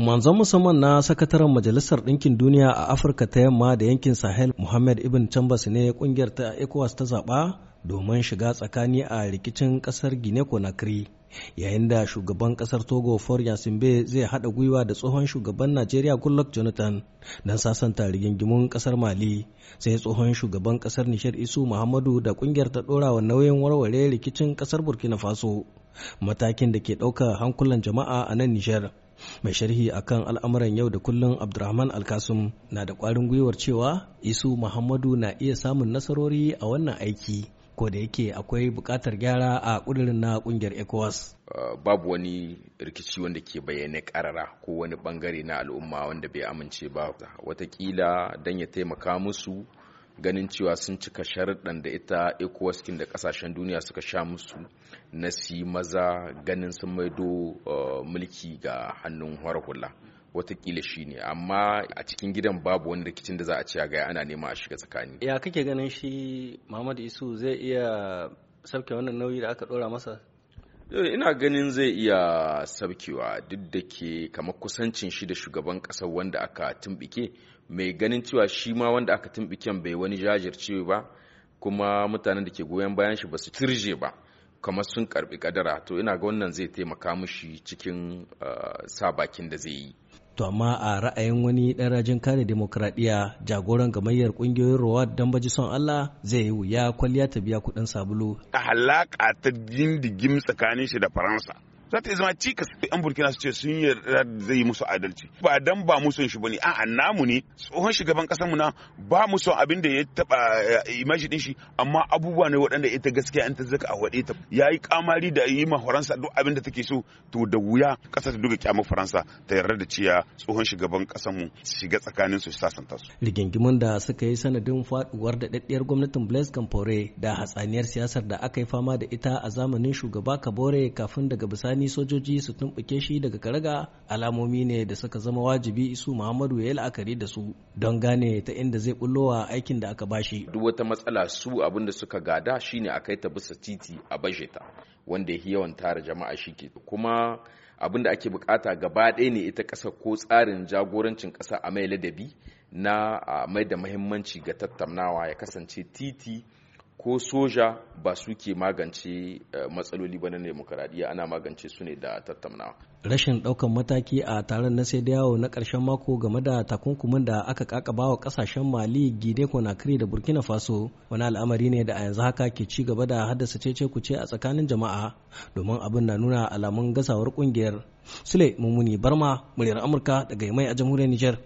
Manzon musamman na sakataren Majalisar Ɗinkin Duniya a Afirka ta yamma da yankin Sahel Muhammad Ibn Chambas ne kungiyar ta ECOWAS ta zaɓa domin shiga tsakani a rikicin ƙasar Guinea Conakry. Yayin da shugaban ƙasar Togo for Yasimbe zai haɗa gwiwa da tsohon shugaban Najeriya Goodluck Jonathan don sasanta rigingimun ƙasar Mali sai tsohon shugaban ƙasar Nishar Isu Muhammadu da kungiyar ta ɗora wa nauyin warware rikicin ƙasar Burkina Faso. Matakin da ke ɗaukar hankulan jama'a a nan Nijar. mai sharhi akan al'amuran yau da kullum abdurrahman alkasum na da kwarin gwiwar cewa isu muhammadu na iya samun nasarori a wannan aiki ko da yake akwai bukatar gyara a ƙudurin na ƙungiyar ecowas uh, babu wani rikici wanda ke bayyana karara ko wani bangare na al'umma wanda bai amince ba watakila don ya taimaka musu ganin cewa sun cika sharaɗan da ita ecowaskin da kasashen duniya suka sha musu na si maza ganin sun maido eh, mulki ga hannun hula watakila shi ne amma a cikin gidan babu wani rikicin da za a ce a gaya ana nema a shiga tsakani ya kake ganin shi Muhammadu isu zai iya sauke wannan nauyi da aka ɗora masa Eh, ina ganin zai iya sabkewa duk da ke kamar kusancin shi da shugaban kasar wanda aka tumbike mai ganin cewa shi ma wanda aka tumbiken bai wani jajirce ba kuma mutanen da ke goyon bayan shi ba su turje ba kamar sun karbi kadara to ina ga wannan zai taimaka mushi cikin eh, sa bakin da zai yi to amma a ra'ayin wani ɗan rajin kare demokradiyya jagoran gamayyar ƙungiyoyin rawad don baji son Allah zai yi wuya kwalliya ta biya kuɗin sabulu. A halaƙa ta dindigim tsakanin shi da Faransa. za ta zama cikas yan burkina su ce sun yarda zai musu adalci ba dan ba mu son shi bane a'a namu ne tsohon shugaban kasar mu na ba mu son abin da ya taba eh, imaji din shi amma abubuwa ne waɗanda ita gaskiya in ta zaka a wade ta yayi kamari da yi ma faransa duk abin da take so to da wuya kasar ta duka kyamar faransa ta yarda da cewa tsohon shugaban kasar mu shiga tsakanin su sasanta su ligingimin da suka yi sanadin faduwar da daddiyar gwamnatin Blaise Compaoré da hatsaniyar siyasar da aka yi fama da ita a zamanin shugaba Kabore kafin daga bisani tsakanin sojoji su tumɓuke shi daga karaga alamomi ne da suka zama wajibi isu muhammadu ya yi la'akari da su don gane ta inda zai bullowa aikin da aka bashi duk wata matsala su abin da suka gada shine a kai ta bisa titi a bajeta wanda ya yawan tara jama'a shi ke kuma abin da ake bukata gaba ɗaya ne ita kasa ko tsarin jagorancin kasa a mai ladabi na mai da mahimmanci ga tattaunawa ya kasance titi ko soja ba su ke magance eh, matsaloli ba na demokaradiyya ana magance su ne da tattaunawa. Rashin ɗaukan mataki a taron na sai yawo na ƙarshen mako game da takunkumin da aka kakaba wa ƙasashen Mali, Gine, Conakry da Burkina Faso wani al'amari ne da a yanzu haka ke ci gaba da haddasa cece kuce a tsakanin jama'a domin abin na nuna alamun gasawar ƙungiyar. Sule Mummuni Barma, muryar Amurka daga mai a jamhuriyar Nijar.